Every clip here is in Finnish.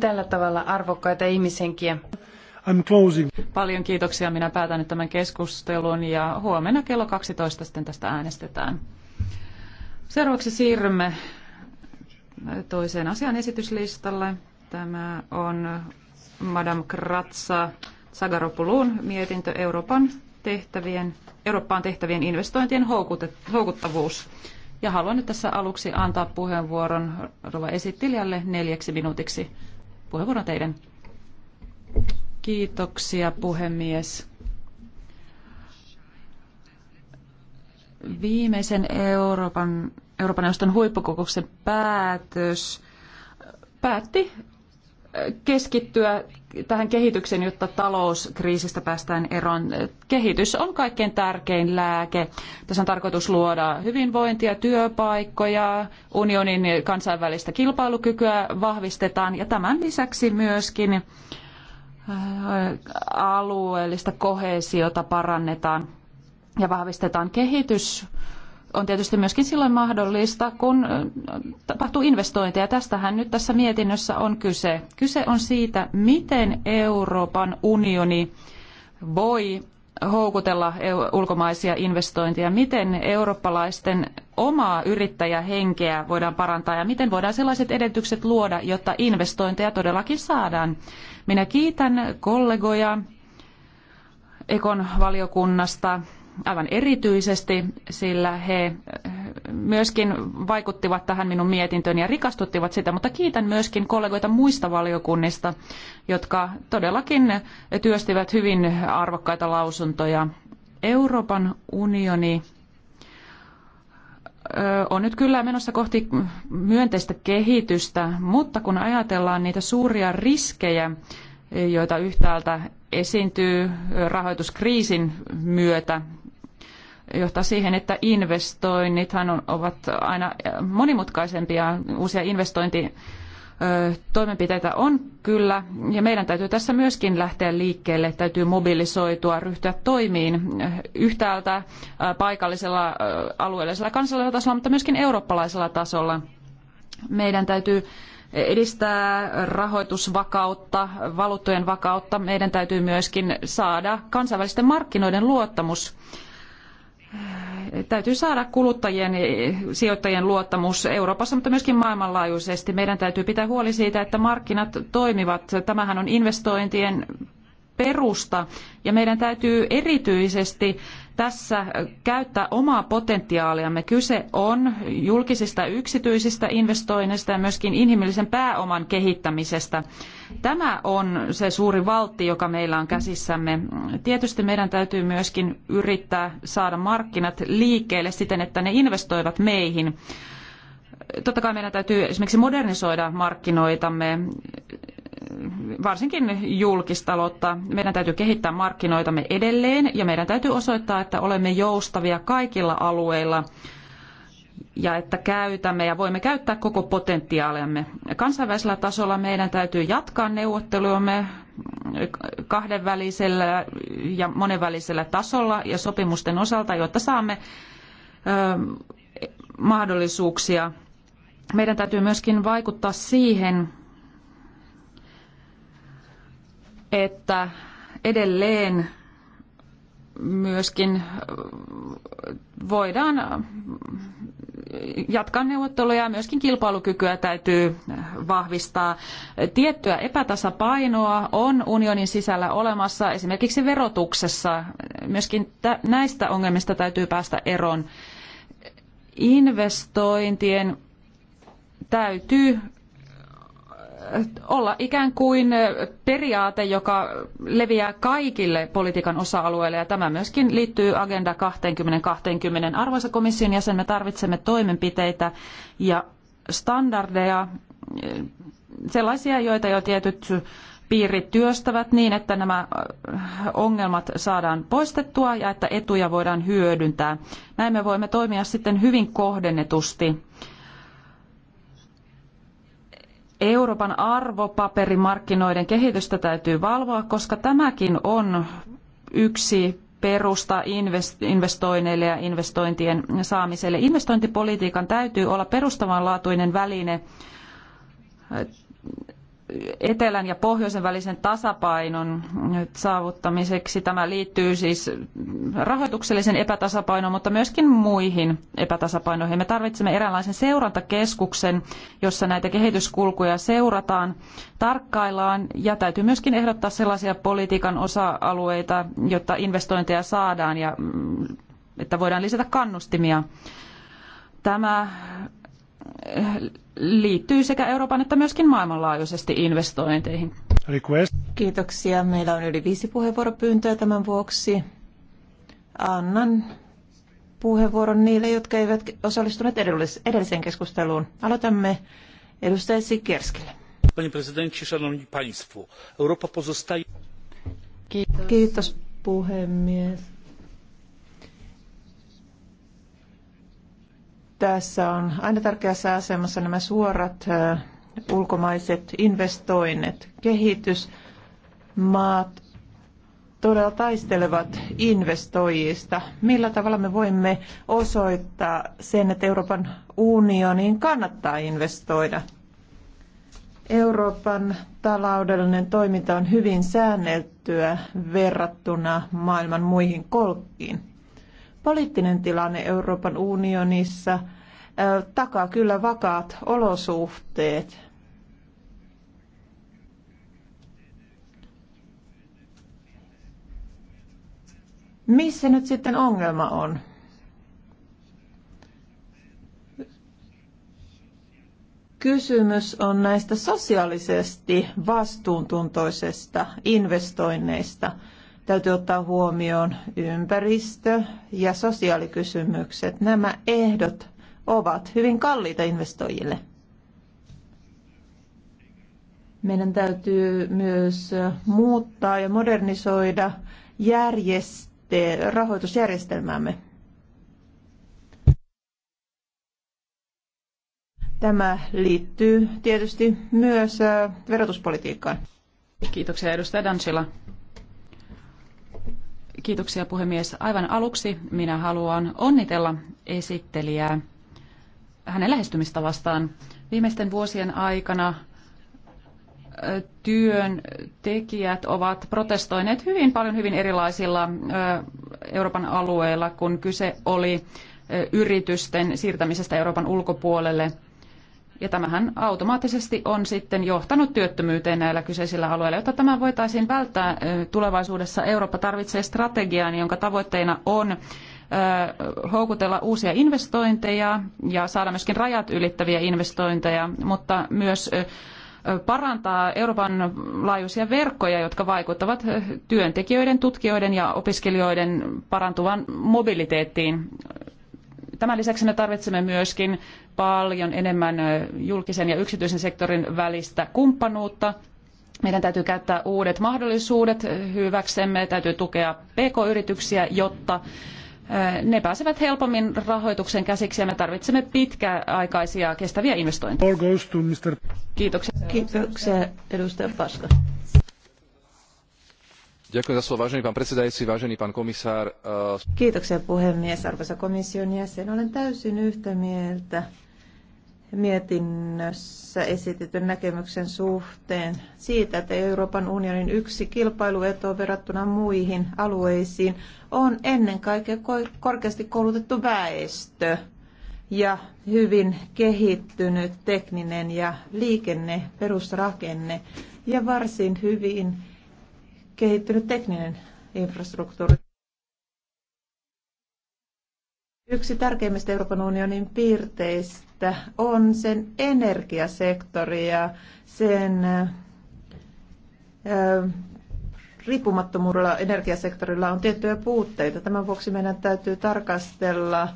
tällä tavalla arvokkaita ihmishenkiä. I'm closing. Paljon kiitoksia. Minä päätän nyt tämän keskustelun ja huomenna kello 12 sitten tästä äänestetään. Seuraavaksi siirrymme toiseen asian esityslistalle. Tämä on Madame Kratsa Sagaropulun mietintö Euroopan tehtävien, Eurooppaan tehtävien investointien houkuttavuus. Ja haluan nyt tässä aluksi antaa puheenvuoron rova esittelijälle neljäksi minuutiksi. Puheenvuoro teidän. Kiitoksia puhemies. Viimeisen Euroopan, Euroopan neuvoston huippukokouksen päätös päätti keskittyä tähän kehitykseen, jotta talouskriisistä päästään eroon. Kehitys on kaikkein tärkein lääke. Tässä on tarkoitus luoda hyvinvointia, työpaikkoja, unionin kansainvälistä kilpailukykyä vahvistetaan ja tämän lisäksi myöskin äh, alueellista koheesiota parannetaan ja vahvistetaan kehitys on tietysti myöskin silloin mahdollista, kun tapahtuu investointeja. Tästähän nyt tässä mietinnössä on kyse. Kyse on siitä, miten Euroopan unioni voi houkutella ulkomaisia investointeja, miten eurooppalaisten omaa yrittäjähenkeä voidaan parantaa ja miten voidaan sellaiset edellytykset luoda, jotta investointeja todellakin saadaan. Minä kiitän kollegoja Ekon valiokunnasta aivan erityisesti, sillä he eh, myöskin vaikuttivat tähän minun mietintöön ja rikastuttivat sitä, mutta kiitän myöskin kollegoita muista valiokunnista, jotka todellakin työstivät hyvin arvokkaita lausuntoja. Euroopan unioni eh, on nyt kyllä menossa kohti myönteistä kehitystä, mutta kun ajatellaan niitä suuria riskejä, joita yhtäältä esiintyy eh, rahoituskriisin myötä johtaa siihen, että investoinnithan ovat aina äh, monimutkaisempia, uusia investointi äh, toimenpiteitä on kyllä, ja meidän täytyy tässä myöskin lähteä liikkeelle, täytyy mobilisoitua, ryhtyä toimiin äh, yhtäältä paikallisella, alueellisella, kansallisella tasolla, mutta myöskin eurooppalaisella tasolla. Meidän täytyy edistää rahoitusvakautta, valuuttojen vakautta. Meidän täytyy myöskin saada kansainvälisten markkinoiden luottamus täytyy saada kuluttajien ja sijoittajien luottamus Euroopassa, mutta myöskin maailmanlaajuisesti. Meidän täytyy pitää huoli siitä, että markkinat toimivat. Tämähän on investointien perusta ja meidän täytyy erityisesti tässä käyttää omaa potentiaaliamme. Kyse on julkisista yksityisistä investoinneista ja myöskin inhimillisen pääoman kehittämisestä. Tämä on se suuri valtti, joka meillä on käsissämme. Tietysti meidän täytyy myöskin yrittää saada markkinat liikkeelle siten, että ne investoivat meihin. Totta kai meidän täytyy esimerkiksi modernisoida markkinoitamme varsinkin julkistaloutta. Meidän täytyy kehittää markkinoitamme edelleen ja meidän täytyy osoittaa, että olemme joustavia kaikilla alueilla ja että käytämme ja voimme käyttää koko potentiaaliamme. Kansainvälisellä tasolla meidän täytyy jatkaa neuvotteluamme kahdenvälisellä ja monenvälisellä tasolla ja sopimusten osalta, jotta saamme mahdollisuuksia. Meidän täytyy myöskin vaikuttaa siihen, että edelleen myöskin voidaan jatkaa neuvotteluja ja myöskin kilpailukykyä täytyy vahvistaa. Tiettyä epätasapainoa on unionin sisällä olemassa esimerkiksi verotuksessa. Myöskin näistä ongelmista täytyy päästä eroon. Investointien täytyy olla ikään kuin periaate, joka leviää kaikille politiikan osa-alueille ja tämä myöskin liittyy Agenda 2020. Arvoisa komission jäsen, me tarvitsemme toimenpiteitä ja standardeja, sellaisia, joita jo tietyt piirit työstävät niin, että nämä ongelmat saadaan poistettua ja että etuja voidaan hyödyntää. Näin me voimme toimia sitten hyvin kohdennetusti Euroopan arvopaperimarkkinoiden kehitystä täytyy valvoa, koska tämäkin on yksi perusta investoinneille ja investointien saamiselle. Investointipolitiikan täytyy olla perustavanlaatuinen väline etelän ja pohjoisen välisen tasapainon saavuttamiseksi. Tämä liittyy siis rahoituksellisen epätasapainoon, mutta myöskin muihin epätasapainoihin. Me tarvitsemme eräänlaisen seurantakeskuksen, jossa näitä kehityskulkuja seurataan, tarkkaillaan ja täytyy myöskin ehdottaa sellaisia politiikan osa-alueita, jotta investointeja saadaan ja mm, että voidaan lisätä kannustimia. Tämä liittyy sekä Euroopan että myöskin maailmanlaajuisesti investointeihin. Request. Kiitoksia. Meillä on yli viisi puheenvuoropyyntöä tämän vuoksi. Annan puheenvuoron niille, jotka eivät osallistuneet edelliseen keskusteluun. Aloitamme edustaja Sikerskille. Panie presidentti, szanowni państwo, Europa pozostaje... Kiitos. Kiitos puhemies. tässä on aina tärkeässä asemassa nämä suorat ulkomaiset investoinnit. Kehitysmaat todella taistelevat investoijista. Millä tavalla me voimme osoittaa sen, että Euroopan unioniin kannattaa investoida? Euroopan taloudellinen toiminta on hyvin säänneltyä verrattuna maailman muihin kolkkiin poliittinen tilanne Euroopan unionissa takaa kyllä vakaat olosuhteet. Missä nyt sitten ongelma on? Kysymys on näistä sosiaalisesti vastuuntuntoisesta investoinneista – Täytyy ottaa huomioon ympäristö- ja sosiaalikysymykset. Nämä ehdot ovat hyvin kalliita investoijille. Meidän täytyy myös muuttaa ja modernisoida järjeste- rahoitusjärjestelmäämme. Tämä liittyy tietysti myös äh, verotuspolitiikkaan. Kiitoksia edustaja Dansila. Kiitoksia puhemies. Aivan aluksi minä haluan onnitella esittelijää hänen lähestymistavastaan. Viimeisten vuosien aikana työn tekijät ovat protestoineet hyvin paljon hyvin erilaisilla Euroopan alueilla, kun kyse oli yritysten siirtämisestä Euroopan ulkopuolelle – ja tämähän automaattisesti on sitten johtanut työttömyyteen näillä kyseisillä alueilla. Jotta tämä voitaisiin välttää tulevaisuudessa, Eurooppa tarvitsee strategian, jonka tavoitteena on houkutella uusia investointeja ja saada myöskin rajat ylittäviä investointeja, mutta myös parantaa Euroopan laajuisia verkkoja, jotka vaikuttavat työntekijöiden, tutkijoiden ja opiskelijoiden parantuvan mobiliteettiin. Tämän lisäksi me tarvitsemme myöskin paljon enemmän julkisen ja yksityisen sektorin välistä kumppanuutta. Meidän täytyy käyttää uudet mahdollisuudet hyväksemme, täytyy tukea pk-yrityksiä, jotta ne pääsevät helpommin rahoituksen käsiksi ja me tarvitsemme pitkäaikaisia kestäviä investointeja. Kiitoksia. Kiitoksia edustaja Paska. Eh, Kiitoksia puhemies, arvoisa komission jäsen. Olen täysin yhtä mieltä mietinnössä esitetyn näkemyksen suhteen siitä, että Euroopan unionin yksi kilpailueto verrattuna muihin alueisiin on ennen kaikkea korkeasti koulutettu väestö ja hyvin kehittynyt tekninen ja liikenneperusrakenne ja varsin hyvin kehittynyt tekninen infrastruktuuri. Yksi tärkeimmistä Euroopan unionin piirteistä on sen energiasektori ja sen riippumattomuudella energiasektorilla on tiettyjä puutteita. Tämän vuoksi meidän täytyy tarkastella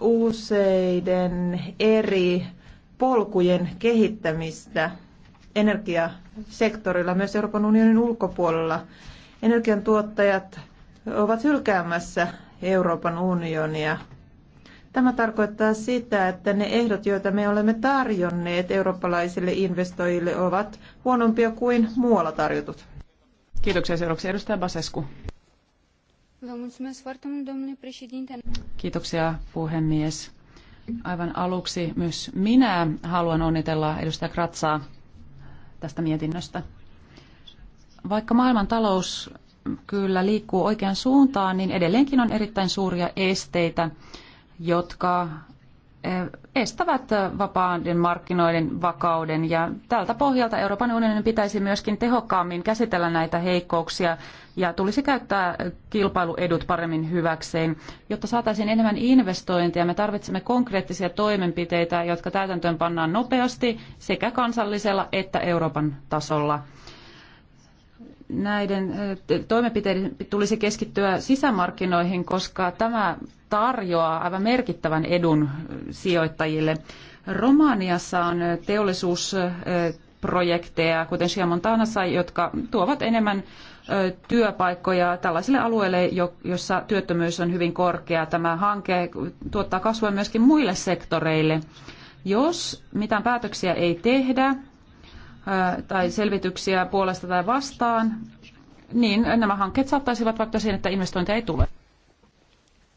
useiden eri polkujen kehittämistä – energiasektorilla myös Euroopan unionin ulkopuolella. Energiantuottajat ovat hylkäämässä Euroopan unionia. Tämä tarkoittaa sitä, että ne ehdot, joita me olemme tarjonneet eurooppalaisille investoijille, ovat huonompia kuin muualla tarjotut. Kiitoksia seuraavaksi edustaja Basescu. Kiitoksia puhemies. Aivan aluksi myös minä haluan onnitella edustaja Kratsaa tästä mietinnöstä. Vaikka maailman talous kyllä liikkuu oikean suuntaan, niin edelleenkin on erittäin suuria esteitä, jotka estävät vapaiden markkinoiden vakauden ja tältä pohjalta Euroopan unionin pitäisi myöskin tehokkaammin käsitellä näitä heikkouksia ja tulisi käyttää kilpailuedut paremmin hyväkseen. Jotta saataisiin enemmän investointeja, me tarvitsemme konkreettisia toimenpiteitä, jotka täytäntöön pannaan nopeasti sekä kansallisella että Euroopan tasolla näiden toimenpiteiden tulisi keskittyä sisämarkkinoihin, koska tämä tarjoaa aivan merkittävän edun sijoittajille. Romaniassa on teollisuusprojekteja, kuten Siamontanassa, jotka tuovat enemmän työpaikkoja tällaisille alueille, jossa työttömyys on hyvin korkea. Tämä hanke tuottaa kasvua myöskin muille sektoreille. Jos mitään päätöksiä ei tehdä, tai selvityksiä puolesta tai vastaan, niin nämä hankkeet saattaisivat vaikka siihen, että investointeja ei tule.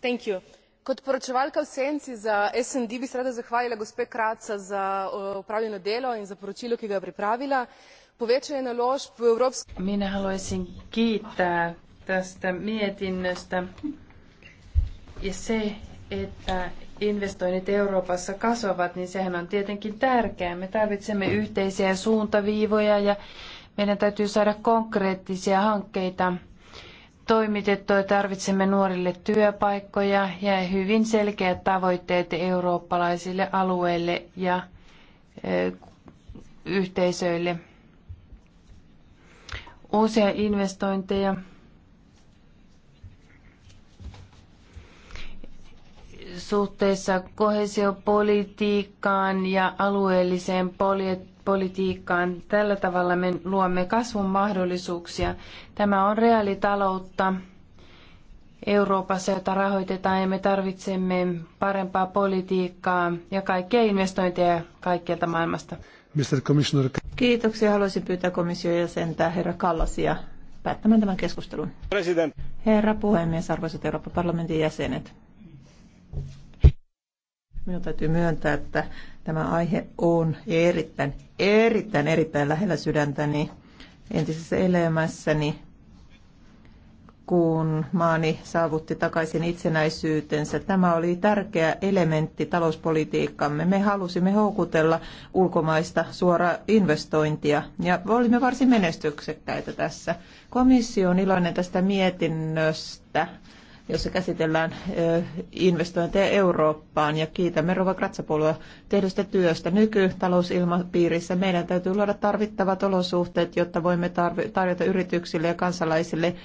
Thank you. Kot poročevalka v senci za SND bi se rada zahvalila gospe Kraca za opravljeno delo in za poročilo, ki ga je pripravila. Povečanje naložb v Evropski... Minä haluaisin kiittää tästä mietinnöstä ja se, että investoinnit Euroopassa kasvavat, niin sehän on tietenkin tärkeää. Me tarvitsemme yhteisiä suuntaviivoja ja meidän täytyy saada konkreettisia hankkeita toimitettua. Tarvitsemme nuorille työpaikkoja ja hyvin selkeät tavoitteet eurooppalaisille alueille ja yhteisöille. Uusia investointeja suhteessa kohesiopolitiikkaan ja alueelliseen politiikkaan. Tällä tavalla me luomme kasvun mahdollisuuksia. Tämä on reaalitaloutta Euroopassa, jota rahoitetaan ja me tarvitsemme parempaa politiikkaa ja kaikkia investointeja kaikkialta maailmasta. Mr. Kiitoksia. Haluaisin pyytää komission jäsentää herra Kallasia päättämään tämän keskustelun. President. Herra puhemies, arvoisat Euroopan parlamentin jäsenet. Minun täytyy myöntää, että tämä aihe on erittäin, erittäin, erittäin lähellä sydäntäni entisessä elämässäni, kun maani saavutti takaisin itsenäisyytensä. Tämä oli tärkeä elementti talouspolitiikkamme. Me halusimme houkutella ulkomaista suoraa investointia ja olimme varsin menestyksekkäitä tässä. Komissio on iloinen tästä mietinnöstä jossa käsitellään investointeja Eurooppaan ja kiitämme Rova Kratsapuolue tehdystä työstä. Nykytalousilmapiirissä meidän täytyy luoda tarvittavat olosuhteet, jotta voimme tarjota yrityksille ja kansalaisille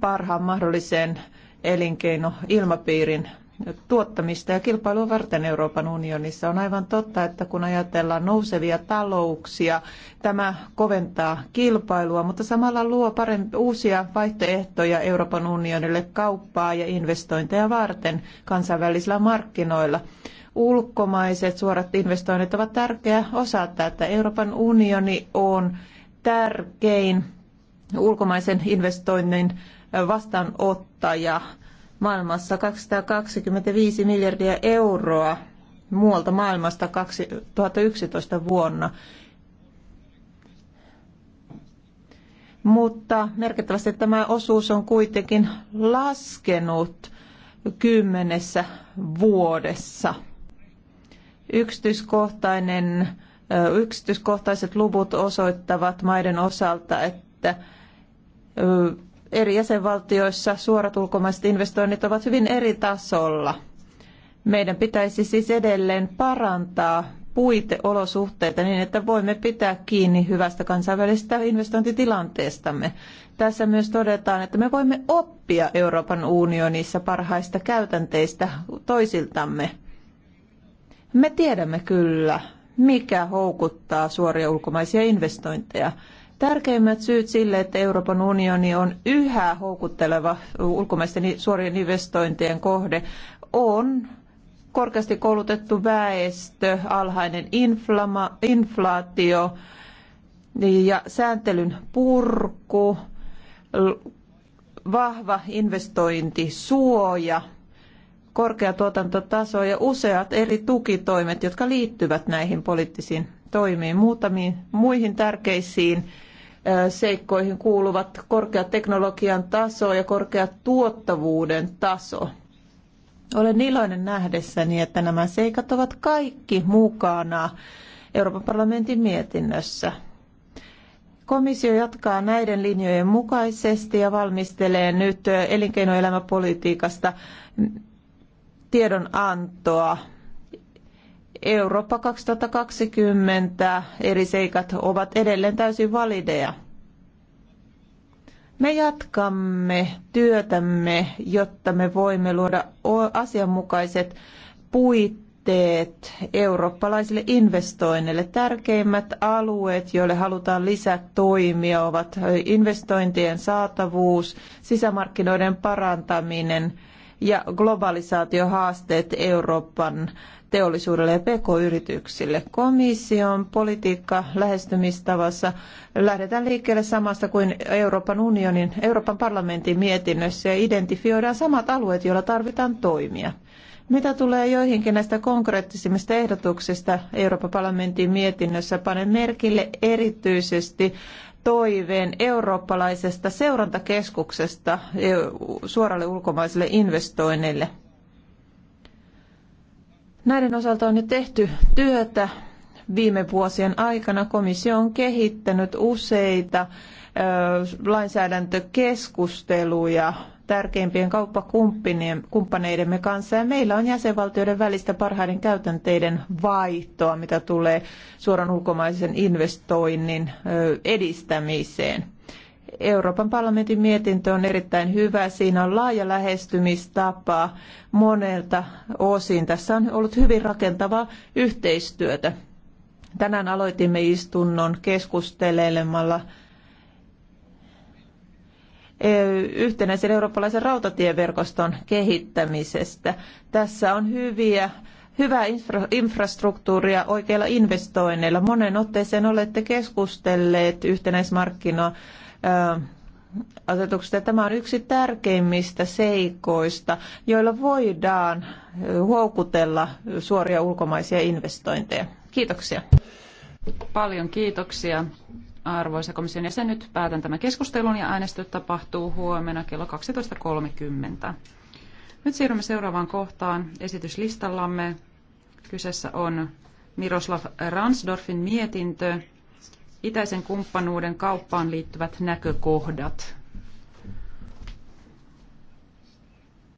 parhaan mahdollisen elinkeinoilmapiirin tuottamista ja kilpailua varten Euroopan unionissa. On aivan totta, että kun ajatellaan nousevia talouksia, tämä koventaa kilpailua, mutta samalla luo parempi, uusia vaihtoehtoja Euroopan unionille kauppaa ja investointeja varten kansainvälisillä markkinoilla. Ulkomaiset suorat investoinnit ovat tärkeä osa tätä. Euroopan unioni on tärkein ulkomaisen investoinnin vastaanottaja maailmassa 225 miljardia euroa muualta maailmasta 2011 vuonna. Mutta merkittävästi tämä osuus on kuitenkin laskenut kymmenessä vuodessa. Yksityiskohtainen, yksityiskohtaiset luvut osoittavat maiden osalta, että eri jäsenvaltioissa suorat ulkomaiset investoinnit ovat hyvin eri tasolla. Meidän pitäisi siis edelleen parantaa puiteolosuhteita niin, että voimme pitää kiinni hyvästä kansainvälisestä investointitilanteestamme. Tässä myös todetaan, että me voimme oppia Euroopan unionissa parhaista käytänteistä toisiltamme. Me tiedämme kyllä, mikä houkuttaa suoria ulkomaisia investointeja. Tärkeimmät syyt sille, että Euroopan unioni on yhä houkutteleva ulkomaisten suorien investointien kohde, on korkeasti koulutettu väestö, alhainen inflama, inflaatio ja sääntelyn purku, vahva investointisuoja, korkea tuotantotaso ja useat eri tukitoimet, jotka liittyvät näihin poliittisiin toimiin, muutamiin muihin tärkeisiin seikkoihin kuuluvat korkea teknologian taso ja korkea tuottavuuden taso. Olen iloinen nähdessäni, että nämä seikat ovat kaikki mukana Euroopan parlamentin mietinnössä. Komissio jatkaa näiden linjojen mukaisesti ja valmistelee nyt elinkeinoelämäpolitiikasta tiedonantoa Eurooppa 2020 eri seikat ovat edelleen täysin valideja. Me jatkamme työtämme, jotta me voimme luoda asianmukaiset puitteet eurooppalaisille investoinneille. Tärkeimmät alueet, joille halutaan lisää toimia, ovat investointien saatavuus, sisämarkkinoiden parantaminen – ja globalisaatiohaasteet Euroopan teollisuudelle ja pk-yrityksille. Komission politiikka lähestymistavassa lähdetään liikkeelle samasta kuin Euroopan unionin, Euroopan parlamentin mietinnössä ja identifioidaan samat alueet, joilla tarvitaan toimia. Mitä tulee joihinkin näistä konkreettisimmista ehdotuksista Euroopan parlamentin mietinnössä, panen merkille erityisesti toiveen eurooppalaisesta seurantakeskuksesta e, suoralle ulkomaisille investoinneille. Näiden osalta on jo tehty työtä viime vuosien aikana. Komissio on kehittänyt useita lainsäädäntökeskusteluja tärkeimpien kauppakumppaneidemme kanssa ja meillä on jäsenvaltioiden välistä parhaiden käytänteiden vaihtoa, mitä tulee suoran ulkomaisen investoinnin edistämiseen. Euroopan parlamentin mietintö on erittäin hyvä. Siinä on laaja lähestymistapa monelta osin. Tässä on ollut hyvin rakentavaa yhteistyötä. Tänään aloitimme istunnon keskustelemalla yhtenäisen eurooppalaisen rautatieverkoston kehittämisestä. Tässä on hyviä hyvää infra- infrastruktuuria oikeilla investoinneilla. Monen otteeseen olette keskustelleet yhtenäismarkkinoa asetuksesta. Tämä on yksi tärkeimmistä seikoista, joilla voidaan houkutella suoria ulkomaisia investointeja. Kiitoksia. Paljon kiitoksia. Arvoisa komission jäsen, nyt päätän tämän keskustelun ja äänestys tapahtuu huomenna kello 12.30. Nyt siirrymme seuraavaan kohtaan esityslistallamme. Kyseessä on Miroslav Ransdorfin mietintö, itäisen kumppanuuden kauppaan liittyvät näkökohdat.